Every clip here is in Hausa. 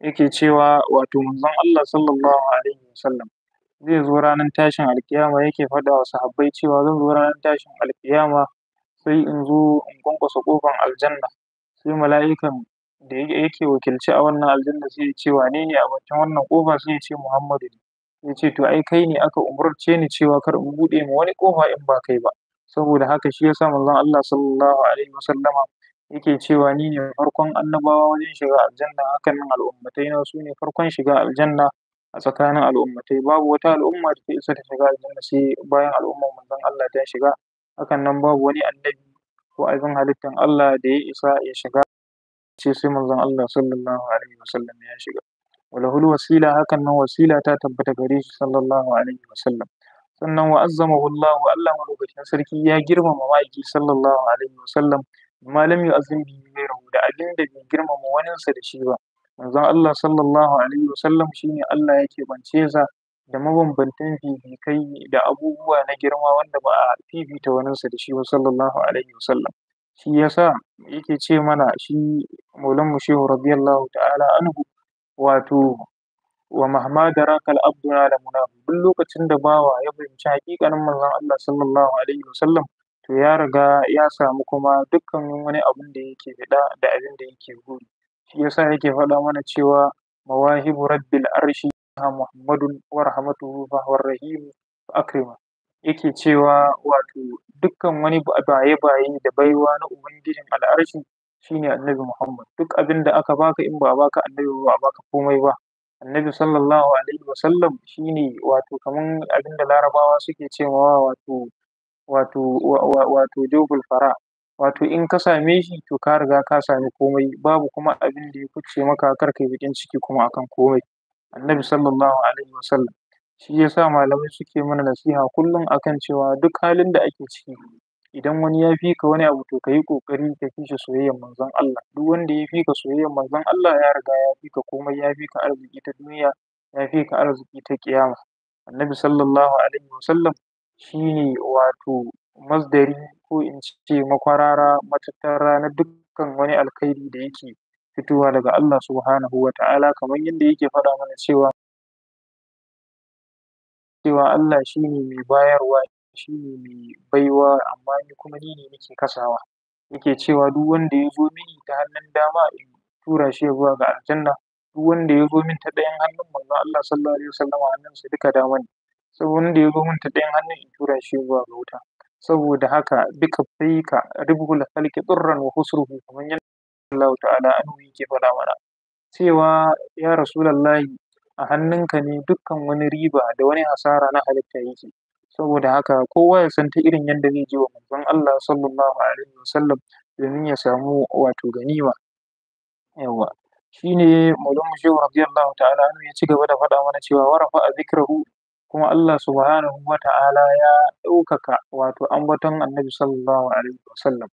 yake cewa wato manzon Allah sallallahu alaihi wasallam zai zo ranar tashin alkiyama yake faɗa wa sahabbai cewa zan zo ranar tashin alkiyama sai in zo in kwankwasa ƙofan aljanna sai mala'ikan da yake wakilci a wannan aljanna sai ya ce wane ne a bakin wannan ƙofa sai ya ce Muhammadu ne ya ce to ai kai ne aka umurce ni cewa kar in buɗe ma wani ƙofa in ba kai ba saboda haka shi yasa manzon Allah sallallahu alaihi wasallama yake cewa ni ne farkon annabawa wajen shiga aljanna hakanan al'ummatai su ne farkon shiga aljanna a tsakanin al'ummatai babu wata al'umma da ta isa ta shiga aljanna sai bayan al'ummar manzon Allah ta shiga hakan nan babu wani annabi ko abin halittar Allah da ya isa ya shiga sai sai manzon Allah sallallahu alaihi wasallam ya shiga walahul wasila hakan nan wasila ta tabbata gare shi sallallahu alaihi wasallam sannan wa azzamahu Allah Allah lokacin sarki ya girmama ma'aiki sallallahu alaihi wasallam Malami lam bai bihi da abin da bai girmama waninsa da shi ba manzon Allah sallallahu alaihi wasallam shine Allah yake bance sa da mabambantan fifikai da abubuwa na girma wanda ba a fifita waninsa da shi ba sallallahu alaihi wasallam shi yasa yake ce mana shi maulan mu shehu radiyallahu ta'ala anhu wato wa mahmada rakal abdu ala munafi duk lokacin da bawa ya fahimci hakikanin manzon Allah sallallahu alaihi wasallam to ya riga ya samu kuma dukkanin wani abun da yake faɗa da abin da yake buri shi yasa yake faɗa mana cewa mawahibu rabbil arshi ha muhammadun wa rahmatuhu fa huwa rahim akrima yake cewa wato dukkan wani baye baye da baiwa na ubangijin al'arshi shine annabi muhammad duk abin da aka baka in ba baka annabi ba a baka komai ba annabi sallallahu alaihi wasallam shine wato kaman abin da larabawa suke cewa wato wato wato fara wato in ka same shi to ka riga ka sami komai babu kuma abin da ya kuce maka kar kai bakin ciki kuma akan komai annabi sallallahu alaihi wasallam shi yasa malamai suke mana nasiha kullum akan cewa duk halin da ake ciki idan wani ya fi ka wani abu to ka yi ƙoƙari ka fi shi soyayyar manzon Allah duk wanda ya fi ka soyayyar manzon Allah ya riga ya fi ka komai ya fi ka arziki ta duniya ya fi ka arziki ta kiyama annabi sallallahu alaihi wasallam shi wato masdari ko in ce makwarara matattara na dukkan wani alkhairi da yake fitowa daga Allah subhanahu wa ta'ala kamar yadda yake faɗa mana cewa cewa Allah shi mai bayarwa shi mai baiwa amma ni kuma ni ne nake kasawa yake cewa duk wanda ya zo mini ta hannun dama in tura shi zuwa ga aljanna duk wanda ya zo min ta ɗayan hannun manzon Allah sallallahu alaihi wasallam hannunsa duka dama ne sai da ya zo min ta ɗayan hannun in tura shi zuwa ga wuta saboda haka ka kaffayka ribhul kalki turran wa husruhu kaman yadda Allah ta'ala yi yake faɗa mana cewa ya rasulullahi a hannunka ne dukkan wani riba da wani hasara na halitta yake saboda haka kowa ya san ta irin yadda zai ji wa manzon Allah sallallahu alaihi wasallam domin ya samu wato ganima yawa shine mulum shehu radiyallahu ta'ala an ya ci gaba da faɗa mana cewa warafa a zikrahu kuma Allah subhanahu wa ta'ala ya ɗaukaka wato ambaton annabi sallallahu alaihi wa sallam.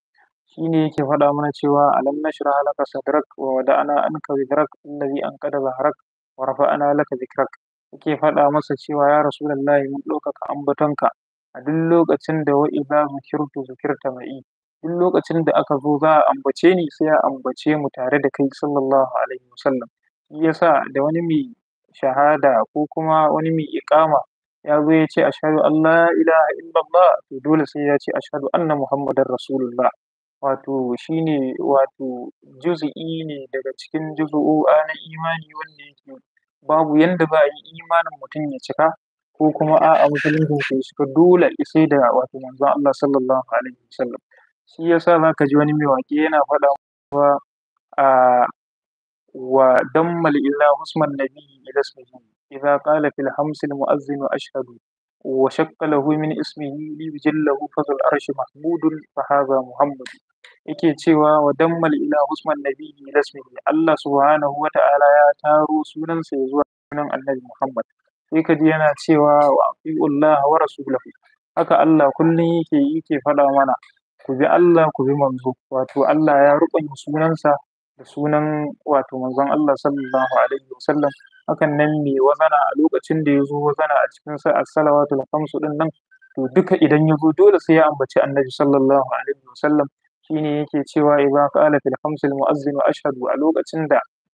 Shi ne yake faɗa mana cewa alam nashrah laka sadrak wa wada'na anka an alladhi anqada zahrak wa ana laka dhikrak yake faɗa masa cewa ya rasu rasulullahi mun ɗaukaka ambatonka a duk lokacin da wa idza zukirtu zukirta ma'i duk lokacin da aka zo za a ambace ni sai a ambace mu tare da kai sallallahu alaihi wa shi yasa da wani mai shahada ko kuma wani mai iƙama ya zo ya ce ashhadu an la ilaha illallah to dole sai ya ce ashhadu anna muhammadar rasulullah wato shine wato juz'i ne daga cikin juzu'a na imani wanda yake babu yanda za a yi imanin mutum ya cika ko kuma a'a musulunci ke suka dole sai da wato manzon Allah sallallahu alaihi wasallam shi yasa zaka ji wani mai waƙe yana faɗa a وضم إلى اسم النبي إلى اسمه إذا قال في الحمس المؤذن أشهد وشق له من اسمه ليجله فذو العرش محمود فهذا محمد yake cewa wa dammal ila usman nabiyyi lasmihi Allah subhanahu wa ta'ala ya taro sunansa ya zuwa sunan annabi Muhammad sai ka ji yana cewa wa Allah wa rasulahu haka Allah kullum yake yake faɗa mana ku bi Allah ku bi manzo wato Allah ya ruɓanya sunansa da sunan wato manzon Allah sallallahu alaihi wasallam hakan nan mai wazana a lokacin da ya zo wazana a cikin sa as-salawatul khamsu din nan to duka idan ya zo dole sai ya ambaci annabi sallallahu alaihi wasallam shine yake cewa idza qala fil khamsil mu'azzin ashhadu a lokacin da